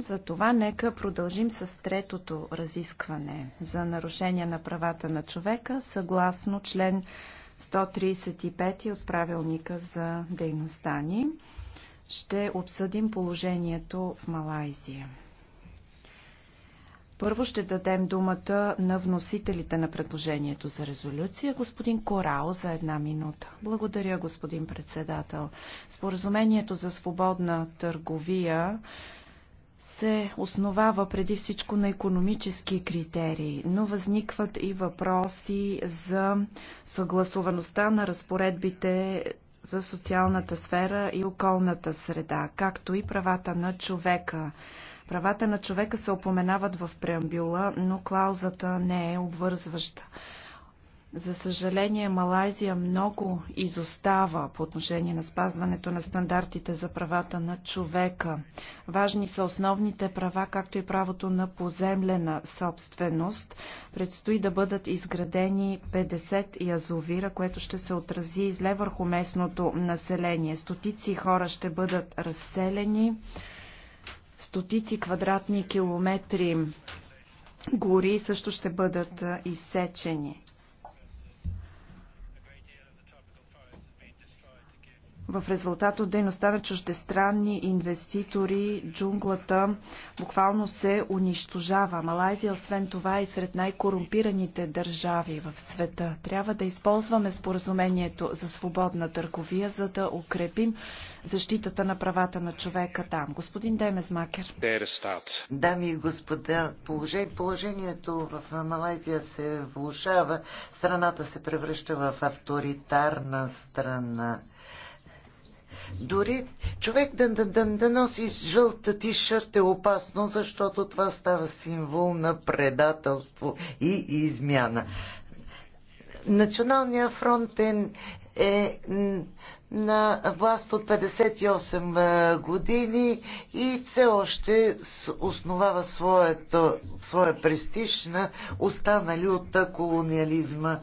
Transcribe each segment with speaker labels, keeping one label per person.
Speaker 1: Затова нека продължим с третото разискване за нарушение на правата на човека, съгласно член 135 от правилника за дейността ни. Ще обсъдим положението в Малайзия. Първо ще дадем думата на вносителите на предложението за резолюция, господин Корао, за една минута. Благодаря, господин председател. Споразумението за свободна търговия се основава преди всичко на економически критерии, но възникват и въпроси за съгласуваността на разпоредбите за социалната сфера и околната среда, както и правата на човека. Правата на човека се опоменават в преамбюла, но клаузата не е обвързваща. За съжаление, Малайзия много изостава по отношение на спазването на стандартите за правата на човека. Важни са основните права, както и правото на поземлена собственост. Предстои да бъдат изградени 50 язовира, което ще се отрази зле върху местното население. Стотици хора ще бъдат разселени. Стотици квадратни километри гори също ще бъдат изсечени. в резултат от дейността на чуждестранни инвеститори джунглата буквално се унищожава. Малайзия, освен това, е сред най-корумпираните държави в света. Трябва да използваме споразумението за свободна търговия, за да укрепим защитата на правата на човека там. Господин Демезмакер.
Speaker 2: Дами и господа, положението в Малайзия се влушава. Страната се превръща в авторитарна страна. Дори човек да, да, да, да носи жълта тишърт е опасно, защото това става символ на предателство и измяна. Националния фронт е, е на власт от 58 години и все още основава своето, своя престиж на останали от колониализма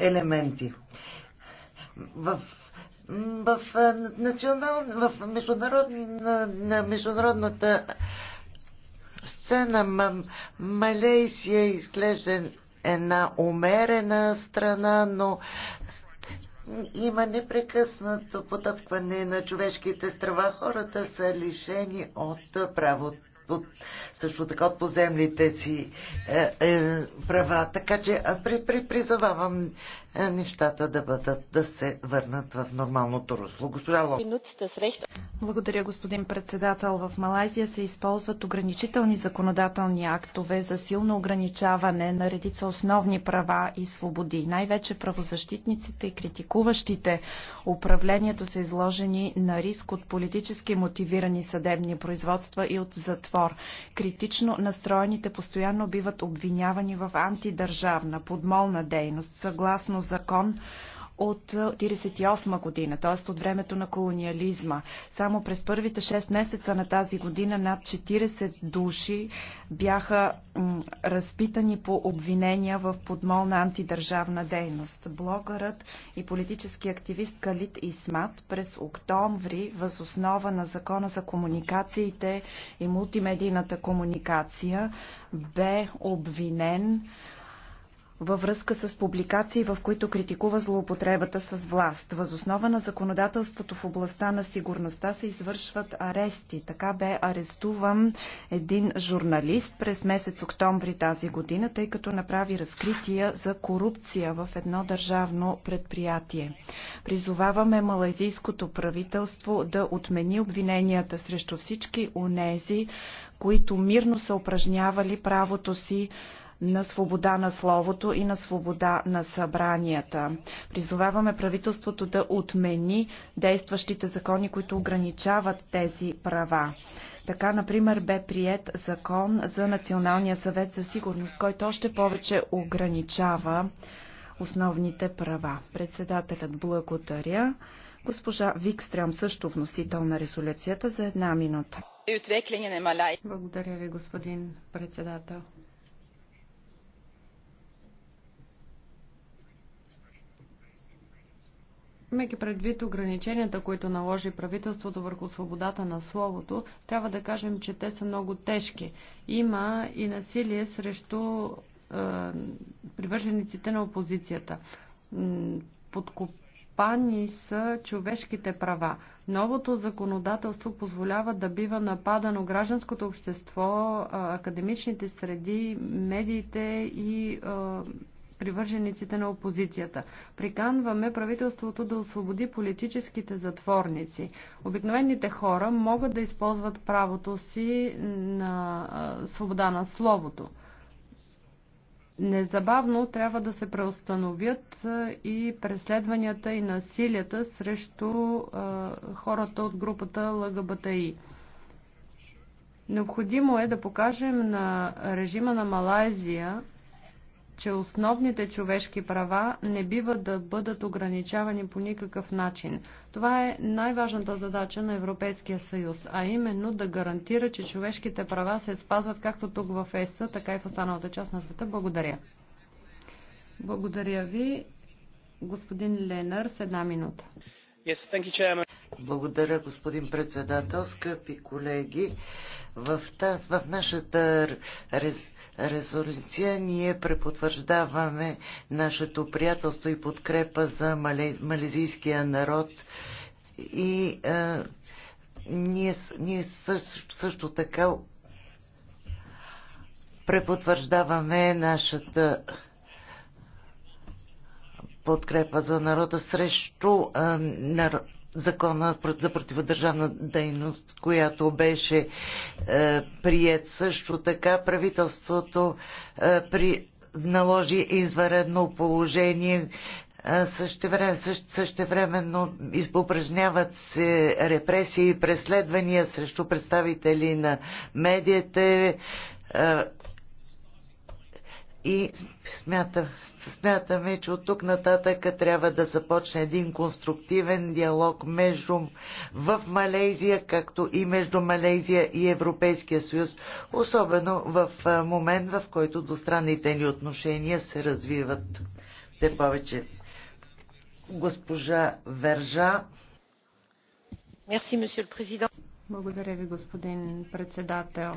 Speaker 2: елементи. В в, национал, в международни, на, на международната сцена Малейсия изглежда една умерена страна, но има непрекъснато потъпкване на човешките страва. Хората са лишени от правото от, също така от поземните си е, е, права. Така че аз при, при, призовавам е, нещата да бъдат, да се върнат в нормалното русло. Госпожа Лов.
Speaker 1: Благодаря, господин председател. В Малайзия се използват ограничителни законодателни актове за силно ограничаване на редица основни права и свободи. Най-вече правозащитниците и критикуващите управлението са изложени на риск от политически мотивирани съдебни производства и от затворение затвор. Критично настроените постоянно биват обвинявани в антидържавна, подмолна дейност. Съгласно закон, от 1948 година, т.е. от времето на колониализма. Само през първите 6 месеца на тази година над 40 души бяха разпитани по обвинения в подмолна антидържавна дейност. Блогърът и политически активист Калит Исмат през октомври възоснова на Закона за комуникациите и мултимедийната комуникация бе обвинен във връзка с публикации, в които критикува злоупотребата с власт. Възоснова на законодателството в областта на сигурността се извършват арести. Така бе арестуван един журналист през месец октомври тази година, тъй като направи разкрития за корупция в едно държавно предприятие. Призоваваме малайзийското правителство да отмени обвиненията срещу всички унези, които мирно са упражнявали правото си на свобода на словото и на свобода на събранията. Призоваваме правителството да отмени действащите закони, които ограничават тези права. Така, например, бе прият закон за Националния съвет за сигурност, който още повече ограничава основните права. Председателят благодаря. Госпожа Викстрям също вносител на резолюцията за една минута.
Speaker 3: Благодаря ви, господин председател. Имайки предвид ограниченията, които наложи правителството върху свободата на словото, трябва да кажем, че те са много тежки. Има и насилие срещу е, привържениците на опозицията. Подкопани са човешките права. Новото законодателство позволява да бива нападано гражданското общество, академичните среди, медиите и е, привържениците на опозицията. Приканваме правителството да освободи политическите затворници. Обикновените хора могат да използват правото си на свобода на словото. Незабавно трябва да се преустановят и преследванията и насилията срещу хората от групата ЛГБТИ. Необходимо е да покажем на режима на Малайзия, че основните човешки права не бива да бъдат ограничавани по никакъв начин. Това е най-важната задача на Европейския съюз, а именно да гарантира, че човешките права се спазват както тук в ЕС, така и в останалата част на света. Благодаря. Благодаря ви, господин Ленър, с една минута.
Speaker 2: Благодаря, господин председател, скъпи колеги. В, таз, в нашата рез, резолюция ние препотвърждаваме нашето приятелство и подкрепа за малезийския народ и а, ние, ние също, също така препотвърждаваме нашата подкрепа за народа срещу а, народ закона за противодържавна дейност, която беше е, прият също така. Правителството е, при, наложи извънредно положение е, Същевременно, същевременно упражняват се репресии и преследвания срещу представители на медиите, е, и смята, смятаме, че от тук нататък трябва да започне един конструктивен диалог между в Малейзия, както и между Малейзия и Европейския съюз, особено в момент, в който двустранните ни отношения се развиват все повече. Госпожа Вержа.
Speaker 3: Благодаря ви, господин председател.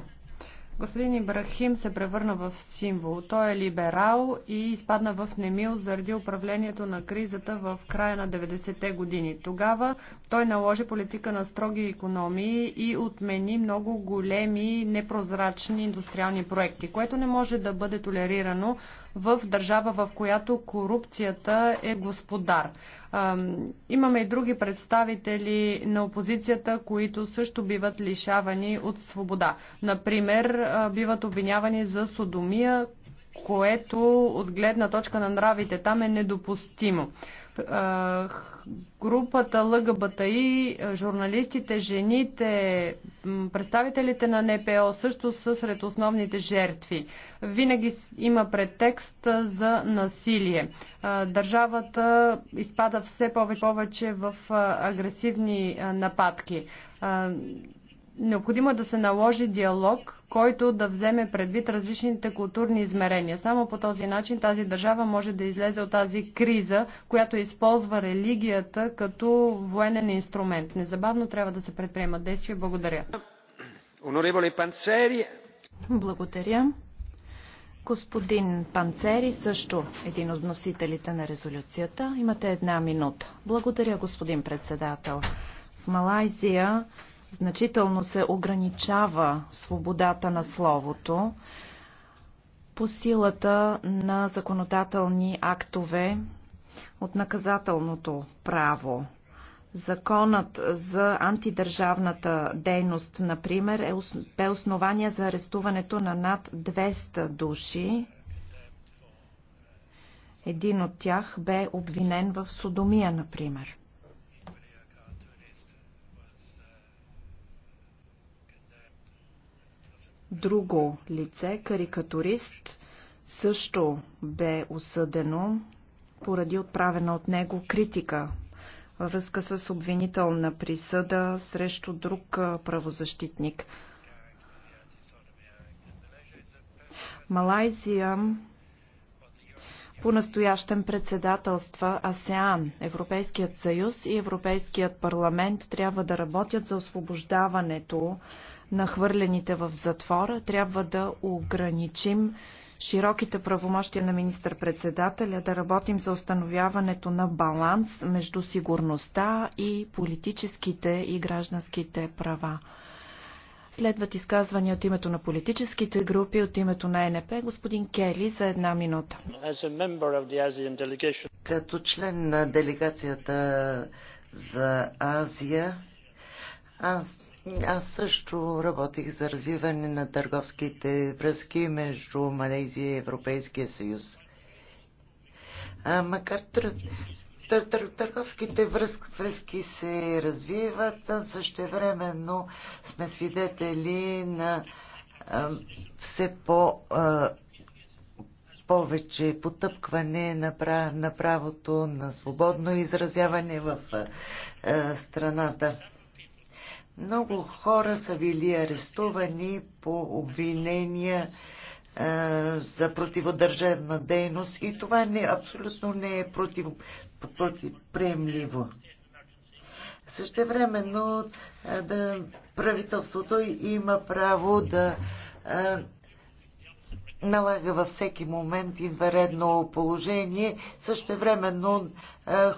Speaker 3: Господин Ибрахим се превърна в символ. Той е либерал и изпадна в немил заради управлението на кризата в края на 90-те години. Тогава той наложи политика на строги економии и отмени много големи непрозрачни индустриални проекти, което не може да бъде толерирано в държава, в която корупцията е господар. Имаме и други представители на опозицията, които също биват лишавани от свобода. Например, биват обвинявани за содомия, което от гледна точка на нравите там е недопустимо групата ЛГБТИ, журналистите, жените, представителите на НПО също са сред основните жертви. Винаги има претекст за насилие. Държавата изпада все повече повече в агресивни нападки Необходимо е да се наложи диалог, който да вземе предвид различните културни измерения. Само по този начин тази държава може да излезе от тази криза, която използва религията като военен инструмент. Незабавно трябва да се предприемат действия. Благодаря.
Speaker 1: Благодаря. Господин Панцери, също един от носителите на резолюцията. Имате една минута. Благодаря, господин председател. В Малайзия Значително се ограничава свободата на словото по силата на законодателни актове от наказателното право. Законът за антидържавната дейност, например, е, бе основание за арестуването на над 200 души. Един от тях бе обвинен в Содомия, например. Друго лице, карикатурист, също бе осъдено поради отправена от него критика във връзка с обвинителна присъда срещу друг правозащитник. Малайзия по настоящен председателства АСЕАН. Европейският съюз и Европейският парламент трябва да работят за освобождаването Нахвърлените в затвора. Трябва да ограничим широките правомощия на министър-председателя, да работим за установяването на баланс между сигурността и политическите и гражданските права. Следват изказвания от името на политическите групи, от името на НП. Господин Кели за една минута.
Speaker 2: Като член на делегацията за Азия, аз аз също работих за развиване на търговските връзки между Малезия и Европейския съюз. А, макар тър, тър, търговските връзки, връзки се развиват, същевременно сме свидетели на а, все по а, повече потъпкване на, прав, на правото на свободно изразяване в а, страната. Много хора са били арестувани по обвинения а, е, за противодържавна дейност и това не, абсолютно не е против, противприемливо. време, но е, да, правителството има право да а, е, налага във всеки момент извредно положение. Същевременно а,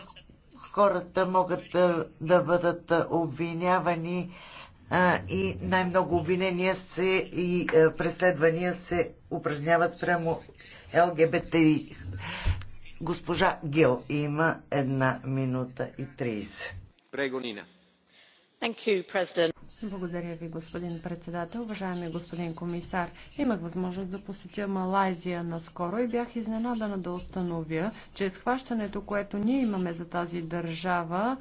Speaker 2: хората могат да, да бъдат обвинявани а, и най-много обвинения се и а, преследвания се упражняват спрямо ЛГБТ. Госпожа Гил има една минута и 30.
Speaker 3: Прегонина. Thank you, President. Благодаря ви, господин председател. Уважаеми господин комисар, имах възможност да посетя Малайзия наскоро и бях изненадана да установя, че схващането, което ние имаме за тази държава,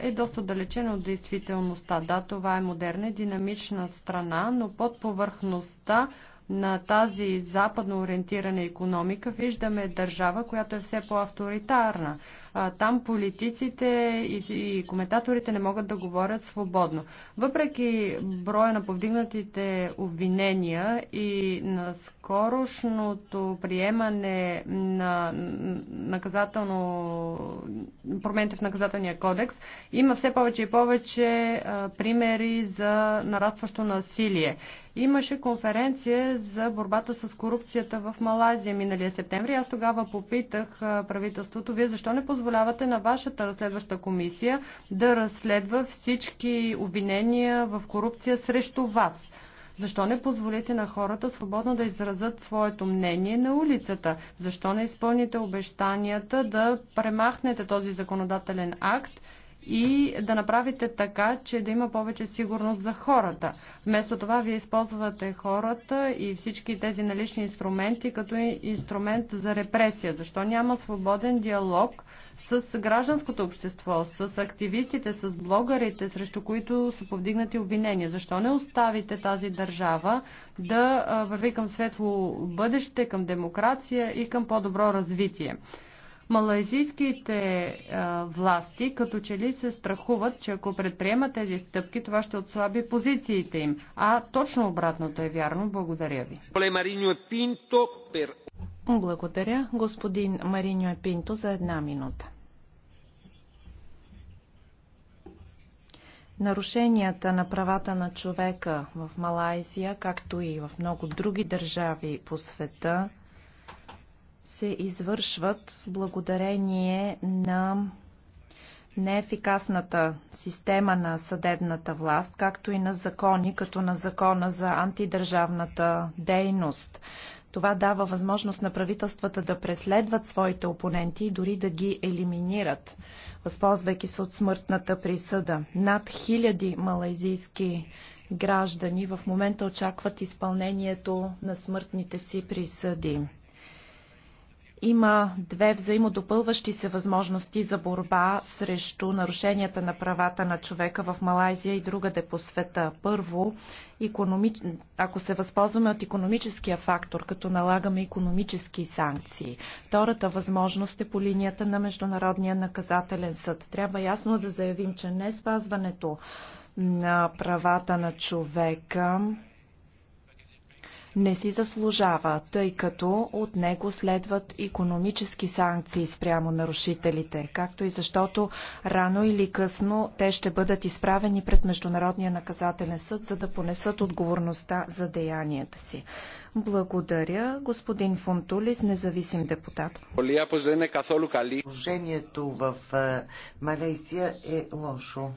Speaker 3: е доста далечено от действителността. Да, това е модерна, и динамична страна, но под повърхността на тази западно ориентирана економика виждаме държава, която е все по-авторитарна там политиците и коментаторите не могат да говорят свободно. Въпреки броя на повдигнатите обвинения и на скорошното приемане на наказателно промените в наказателния кодекс, има все повече и повече примери за нарастващо насилие. Имаше конференция за борбата с корупцията в Малайзия миналия септември. Аз тогава попитах правителството, вие защо не позволите? позволявате на вашата разследваща комисия да разследва всички обвинения в корупция срещу вас? Защо не позволите на хората свободно да изразят своето мнение на улицата? Защо не изпълните обещанията да премахнете този законодателен акт и да направите така, че да има повече сигурност за хората. Вместо това вие използвате хората и всички тези налични инструменти като инструмент за репресия. Защо няма свободен диалог с гражданското общество, с активистите, с блогарите, срещу които са повдигнати обвинения? Защо не оставите тази държава да върви към светло бъдеще, към демокрация и към по-добро развитие? Малайзийските власти като че ли се страхуват, че ако предприемат тези стъпки, това ще отслаби позициите
Speaker 1: им. А точно обратното е вярно. Благодаря ви. Благодаря, господин Мариньо Епинто, за една минута. Нарушенията на правата на човека в Малайзия, както и в много други държави по света, се извършват благодарение на неефикасната система на съдебната власт, както и на закони, като на закона за антидържавната дейност. Това дава възможност на правителствата да преследват своите опоненти и дори да ги елиминират, възползвайки се от смъртната присъда. Над хиляди малайзийски граждани в момента очакват изпълнението на смъртните си присъди. Има две взаимодопълващи се възможности за борба срещу нарушенията на правата на човека в Малайзия и другаде по света. Първо, ако се възползваме от економическия фактор, като налагаме економически санкции. Втората възможност е по линията на Международния наказателен съд. Трябва ясно да заявим, че не спазването на правата на човека не си заслужава, тъй като от него следват економически санкции спрямо нарушителите, както и защото рано или късно те ще бъдат изправени пред Международния наказателен съд, за да понесат отговорността за деянията си. Благодаря, господин Фунтулис, независим депутат. Положението
Speaker 2: в е, Малейсия е лошо.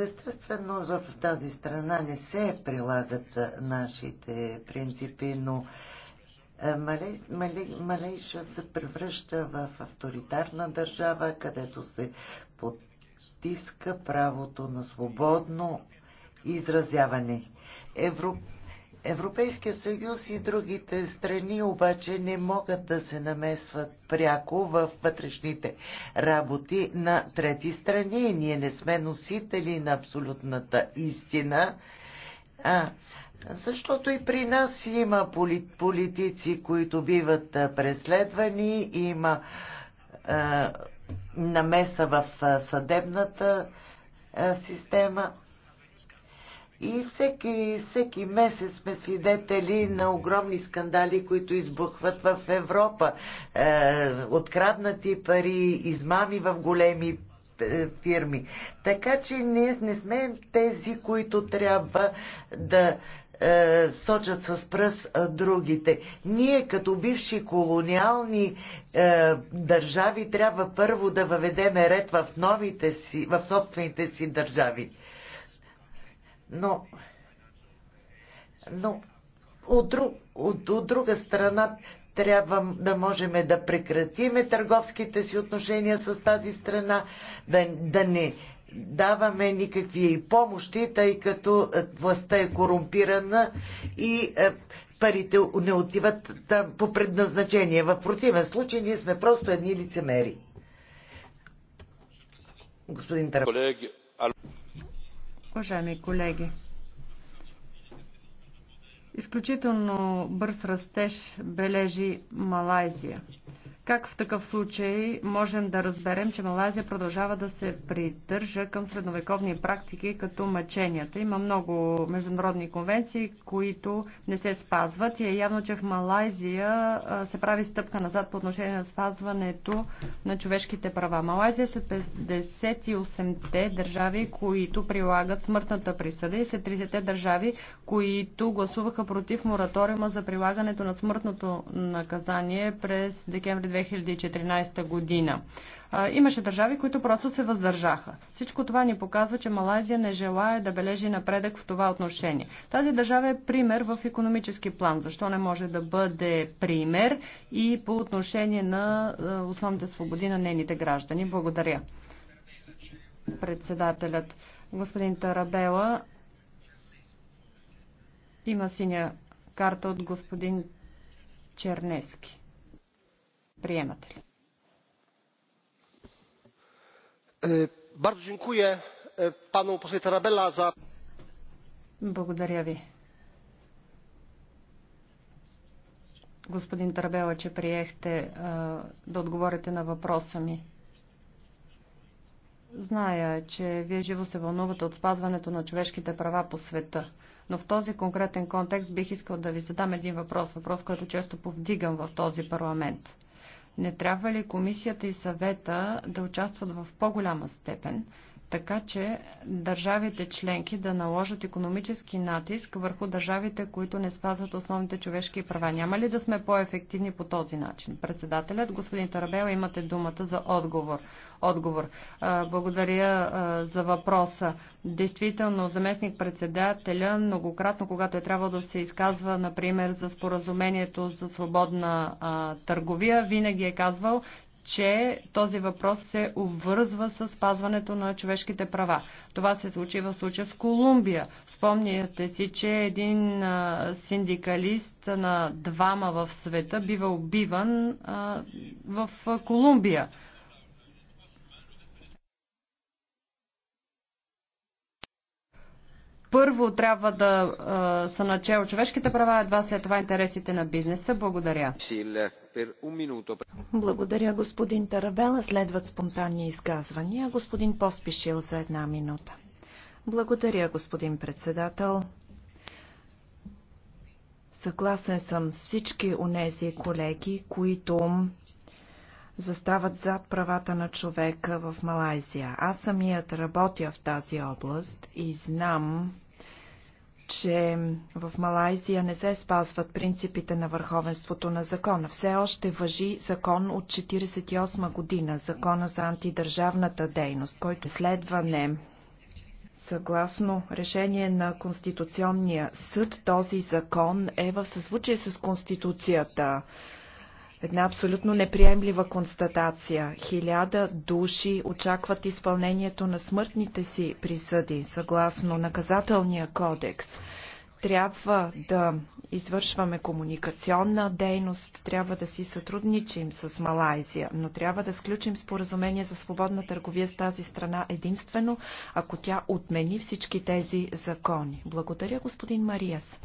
Speaker 2: Естествено, в тази страна не се прилагат нашите принципи, но Малейша се превръща в авторитарна държава, където се потиска правото на свободно изразяване. Европа Европейския съюз и другите страни обаче не могат да се намесват пряко в вътрешните работи на трети страни. Ние не сме носители на абсолютната истина. А, защото и при нас има политици, които биват преследвани, има а, намеса в съдебната а, система. И всеки, всеки месец сме свидетели на огромни скандали, които избухват в Европа. Е, откраднати пари, измами в големи е, фирми. Така че ние не сме тези, които трябва да е, сочат с пръст другите. Ние като бивши колониални е, държави трябва първо да въведеме ред в, новите си, в собствените си държави но, но от, друг, от, от друга страна трябва да можем да прекратиме търговските си отношения с тази страна, да, да не даваме никакви помощи, тъй като е, властта е корумпирана и е, парите не отиват по предназначение. В противен случай ние сме просто едни лицемери. Господин Колеги,
Speaker 3: Уважаеми колеги, изключително бърз растеж бележи Малайзия. Как в такъв случай можем да разберем, че Малайзия продължава да се придържа към средновековни практики като мъченията? Има много международни конвенции, които не се спазват и е явно, че в Малайзия се прави стъпка назад по отношение на спазването на човешките права. Малайзия е са 58-те държави, които прилагат смъртната присъда и след 30-те държави, които гласуваха против мораториума за прилагането на смъртното наказание през декември 2020. 2014 година. Имаше държави, които просто се въздържаха. Всичко това ни показва, че Малайзия не желая да бележи напредък в това отношение. Тази държава е пример в економически план. Защо не може да бъде пример и по отношение на основните свободи на нейните граждани? Благодаря. Председателят. Господин Тарабела, има синя карта от господин Чернески. Приемате ли?
Speaker 2: Е, е,
Speaker 3: Благодаря ви. Господин Тарабела, че приехте е, да отговорите на въпроса ми. Зная, че вие живо се вълнувате от спазването на човешките права по света, но в този конкретен контекст бих искал да ви задам един въпрос, въпрос, който често повдигам в този парламент – не трябва ли комисията и съвета да участват в по-голяма степен? така че държавите членки да наложат економически натиск върху държавите, които не спазват основните човешки права. Няма ли да сме по-ефективни по този начин? Председателят, господин Тарабела, имате думата за отговор. Отговор. Благодаря за въпроса. Действително, заместник-председателя многократно, когато е трябвало да се изказва, например, за споразумението за свободна търговия, винаги е казвал, че този въпрос се обвързва с спазването на човешките права. Това се случи в случая в Колумбия. Спомняте си, че един синдикалист на двама в света бива убиван в Колумбия. първо трябва да а, са начало човешките права, едва след това интересите на бизнеса. Благодаря. Благодаря,
Speaker 1: господин Тарабела. Следват спонтанни изказвания. Господин Поспишил за една минута. Благодаря, господин председател. Съгласен съм с всички онези колеги, които застават зад правата на човека в Малайзия. Аз самият работя в тази област и знам че в Малайзия не се спазват принципите на върховенството на закона. Все още въжи закон от 1948 година, закона за антидържавната дейност, който следване Съгласно решение на Конституционния съд, този закон е в съзвучие с Конституцията. Една абсолютно неприемлива констатация. Хиляда души очакват изпълнението на смъртните си присъди, съгласно наказателния кодекс. Трябва да извършваме комуникационна дейност, трябва да си сътрудничим с Малайзия, но трябва да сключим споразумение за свободна търговия с тази страна единствено, ако тя отмени всички тези закони. Благодаря, господин Мариас.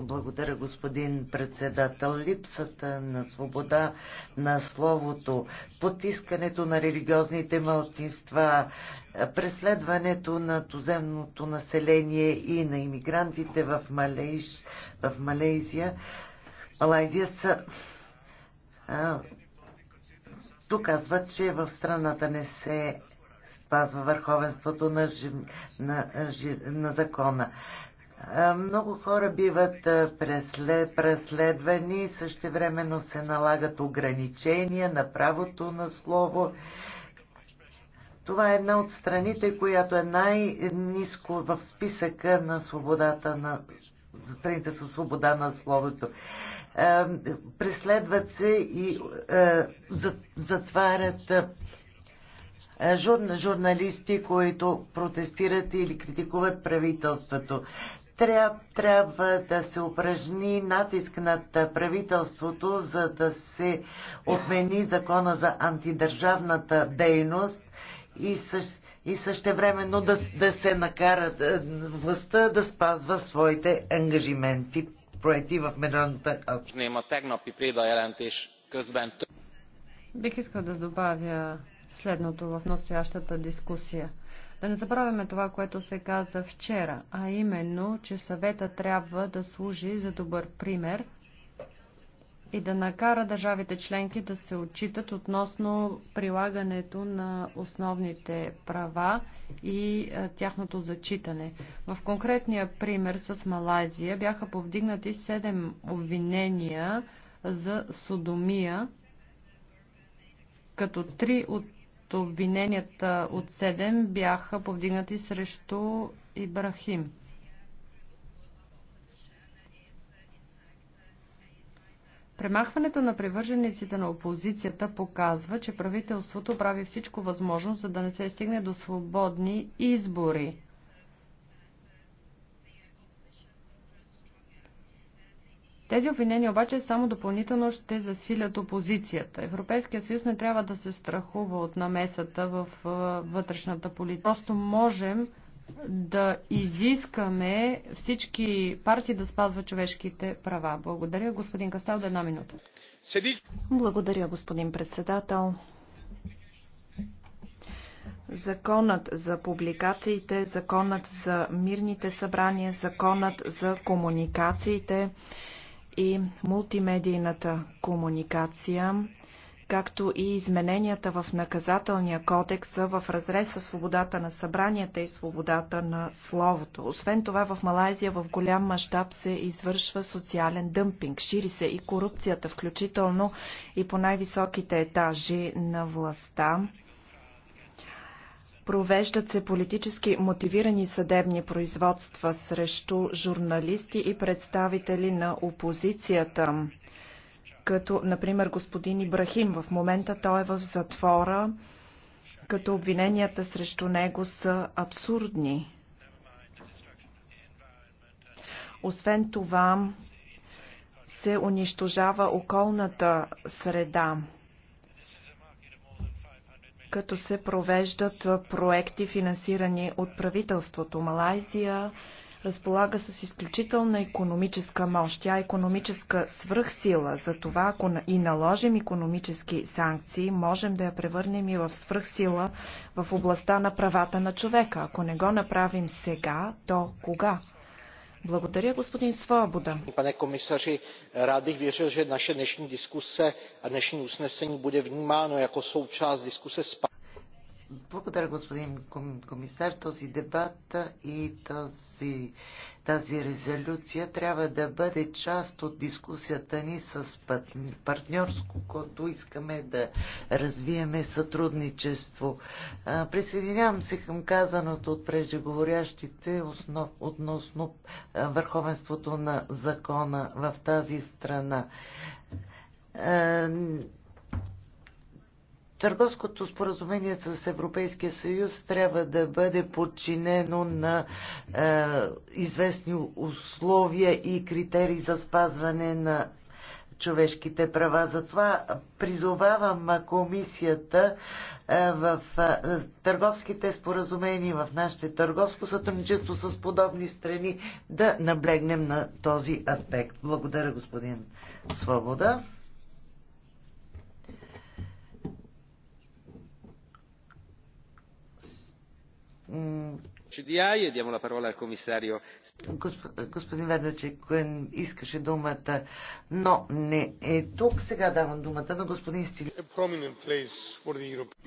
Speaker 1: Благодаря, господин председател.
Speaker 2: Липсата на свобода на словото, потискането на религиозните малцинства, преследването на туземното население и на иммигрантите в, Малейш, в Малейзия, Малайзия са Тук казват, че в страната не се спазва върховенството на, жи, на, жи, на закона. Много хора биват преследвани, същевременно се налагат ограничения на правото на слово. Това е една от страните, която е най-низко в списъка на свободата на страните със свобода на словото. Преследват се и затварят журналисти, които протестират или критикуват правителството. Тряб, трябва да се упражни натиск над правителството, за да се отмени закона за антидържавната дейност и също и същевременно да, да се накара властта да спазва своите ангажименти, проекти в международната
Speaker 3: общност. Бих искал да добавя следното в настоящата дискусия. Да не забравяме това, което се каза вчера, а именно, че съвета трябва да служи за добър пример и да накара държавите членки да се отчитат относно прилагането на основните права и е, тяхното зачитане. В конкретния пример с Малайзия бяха повдигнати 7 обвинения за содомия, като 3 от като обвиненията от 7 бяха повдигнати срещу Ибрахим. Премахването на привържениците на опозицията показва, че правителството прави всичко възможно, за да не се стигне до свободни избори. Тези обвинения обаче само допълнително ще засилят опозицията. Европейският съюз не трябва да се страхува от намесата в вътрешната политика. Просто можем да изискаме всички партии да спазват човешките права. Благодаря, господин Кастал,
Speaker 1: до една минута. Седи. Благодаря, господин председател. Законът за публикациите, законът за мирните събрания, законът за комуникациите и мултимедийната комуникация, както и измененията в наказателния кодекс в разрез с свободата на събранията и свободата на словото. Освен това, в Малайзия в голям мащаб се извършва социален дъмпинг. Шири се и корупцията, включително и по най-високите етажи на властта. Провеждат се политически мотивирани съдебни производства срещу журналисти и представители на опозицията, като, например, господин Ибрахим. В момента той е в затвора, като обвиненията срещу него са абсурдни. Освен това, се унищожава околната среда като се провеждат проекти, финансирани от правителството. Малайзия разполага с изключителна економическа мощ. Тя е економическа свръхсила. Затова, ако и наложим економически санкции, можем да я превърнем и в свръхсила в областта на правата на човека. Ако не го направим сега, то кога? Благодаря, господин
Speaker 2: Pane komisaři, rád bych věřil, že naše dnešní diskuse a dnešní usnesení bude vnímáno jako součást diskuse s благодаря, господин комисар. Този дебат и този, тази резолюция трябва да бъде част от дискусията ни с партньорско, което искаме да развиеме сътрудничество. Присъединявам се към казаното от преждеговорящите основ, относно върховенството на закона в тази страна Търговското споразумение с Европейския съюз трябва да бъде подчинено на е, известни условия и критерии за спазване на човешките права. Затова призовавам комисията е, в е, търговските споразумения, в нашите търговско сътрудничество с подобни страни да наблегнем на този аспект. Благодаря, господин Свобода. Господин Ведачек искаше думата, но не е тук. Сега давам думата на господин Стили.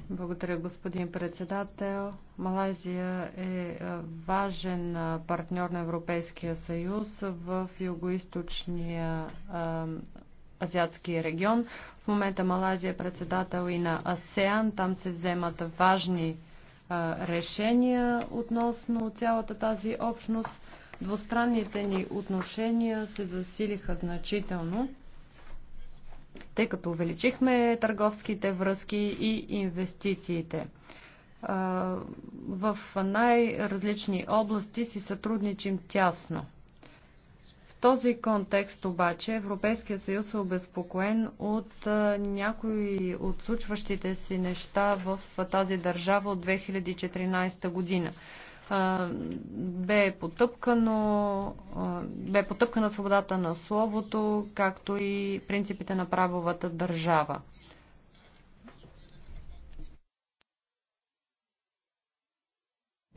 Speaker 3: Благодаря, господин председател. Малайзия е, е важен партньор на Европейския съюз в югоисточния азиатски регион. В момента Малайзия е председател и на АСЕАН. Там се вземат важни решения относно цялата тази общност. Двустранните ни отношения се засилиха значително, тъй като увеличихме търговските връзки и инвестициите в най-различни области си сътрудничим тясно този контекст обаче Европейския съюз е обезпокоен от някои от случващите си неща в тази държава от 2014 година. Бе, потъпкано, бе потъпкана свободата на словото, както и принципите на правовата държава.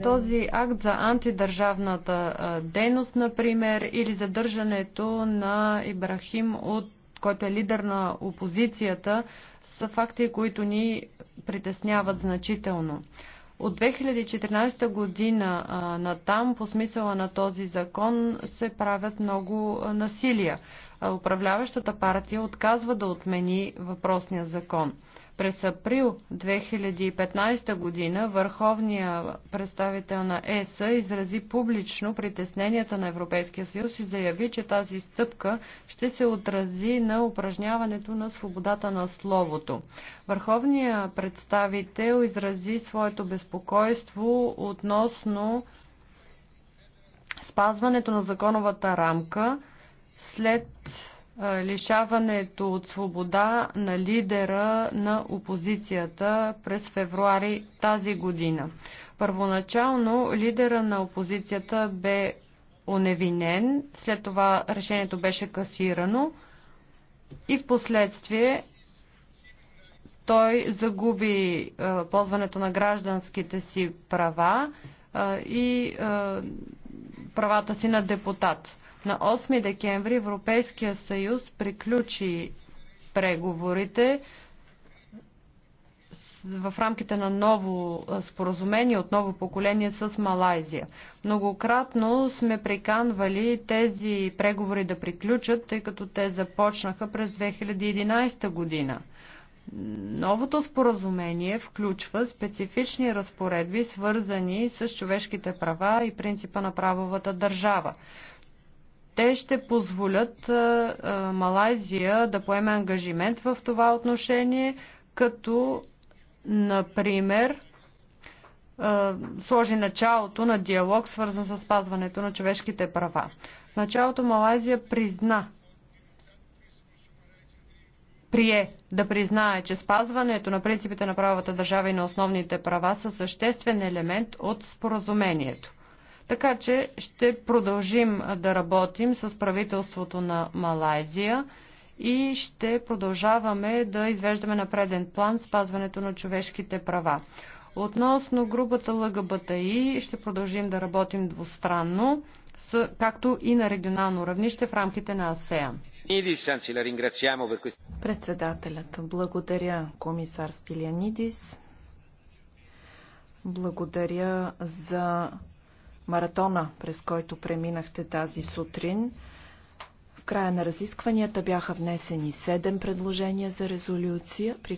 Speaker 3: Този акт за антидържавната дейност, например, или задържането на Ибрахим, от, който е лидер на опозицията, са факти, които ни притесняват значително. От 2014 година на там, по смисъла на този закон, се правят много насилия. Управляващата партия отказва да отмени въпросния закон. През април 2015 година върховния представител на ЕС изрази публично притесненията на Европейския съюз и заяви, че тази стъпка ще се отрази на упражняването на свободата на словото. Върховният представител изрази своето безпокойство относно спазването на законовата рамка след лишаването от свобода на лидера на опозицията през февруари тази година. Първоначално лидера на опозицията бе оневинен, след това решението беше касирано и в последствие той загуби а, ползването на гражданските си права а, и а, правата си на депутат. На 8 декември Европейския съюз приключи преговорите в рамките на ново споразумение от ново поколение с Малайзия. Многократно сме приканвали тези преговори да приключат, тъй като те започнаха през 2011 година. Новото споразумение включва специфични разпоредби, свързани с човешките права и принципа на правовата държава те ще позволят Малайзия да поеме ангажимент в това отношение, като, например, сложи началото на диалог, свързан с спазването на човешките права. В началото Малайзия призна, прие да признае, че спазването на принципите на правата държава и на основните права са съществен елемент от споразумението. Така че ще продължим да работим с правителството на Малайзия и ще продължаваме да извеждаме на преден план спазването на човешките права. Относно групата ЛГБТИ ще продължим да работим двустранно, както и на регионално равнище в рамките на АСЕАН.
Speaker 1: Председателят, благодаря комисар Стилианидис, Благодаря за маратона, през който преминахте тази сутрин. В края на разискванията бяха внесени 7 предложения за резолюция, при